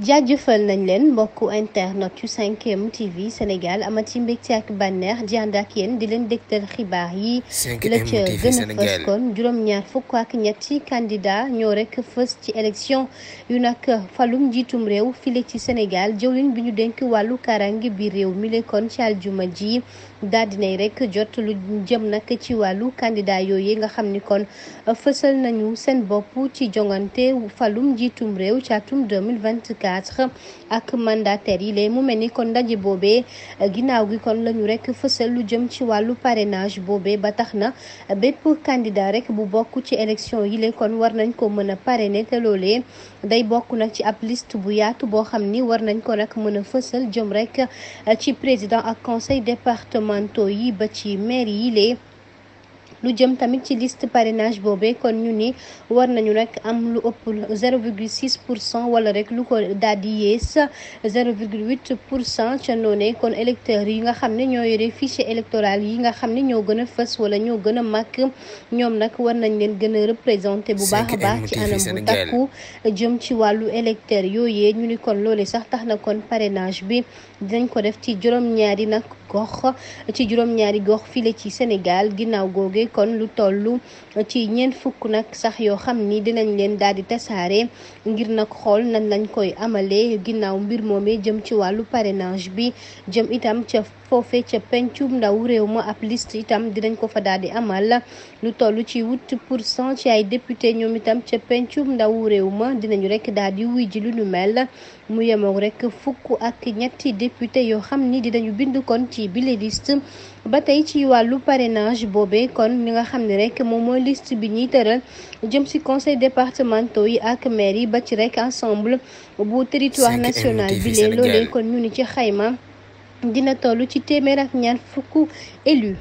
jaajëfal nañ leen mbokku internet yu 5M TV Sénégal amati mbégte ak bànneex di ak yéen di leen dégtal xibaar yi. la ca gën fës kon juróom-ñaar fukk ak ñetti candidat ñoo rekk fës ci élection yu nag falum njiitum réew file ci Sénégal jëwlin bi ñu dénk wàllu karange bi réew mi kon ci juma ji daal dinay rek jot lu jëm nag ci wàllu kandidaa yooyu nga xam ni kon fësal nañu seen bopp ci jongante falum njiitum réew caatum 2024. 2024 ak mandataires yi lée mu mel ni kon ndaje boobee ginnaaw gi kon lañu rek fësal lu jëm ci wàllu parrainage boobee ba tax na bépp candidat rek bu bokk ci élection yi lée kon war nañ ko mën a parrainer te loolee day bokk nag ci ab liste bu yaatu boo xam ni war nañ ko nag mën a fësal jëm rek ci président ak conseil départementaux yi ba ci maire yi lée lu jëm tamit ci liste parrainage boobee kon ñu ni war nañu rek am lu ëpp 0,6 pour cent wala rek lu ko daal di yées 0,8 pour cent ca noonee kon électeurs yi nga xam ne ñoo yore fichier électoral yi nga xam ne ñoo gën a fës wala ñoo gën a màgg ñoom nag war nañ leen gën a représenté bu baax baax ci anam bu takku jëm ci wàllu électeurs yooyee ñu ni kon loole sax tax na kon parrainage bi dinañ ko def ci juróom-ñaari nag gox ci juróom-ñaari gox file ci Sénégal ginnaaw googee kon lu toll ci ñeent fukk nag sax yoo xam ni dinañ leen daal di tasaare ngir nag xool nan lañ koy amalee ginnaaw mbir moomee jëm ci wàllu parrainage bi jëm itam ca foofe ca pencum ndaw réew ma ab liste itam dinañ ko fa daal di amal lu toll ci huit pour cent ci ay député ñoom itam ca pencum ndaw réew ma dinañu rek daal di wuy ji luñu nu mel mu yemoog rek fukk ak ñetti député yoo xam ni dinañu bind kon ci bile liste ba tey ci wàllu parrainage boobee kon ni nga xam ne rek moom mooy liste bi ñuy tëral jëm ci conseil départementaux yi ak maire yi ba ci rek ensemble bu territoire national bi lee loolee kon ñu ni ci xayma dina toll ci téeméer ak ñaar fukk élu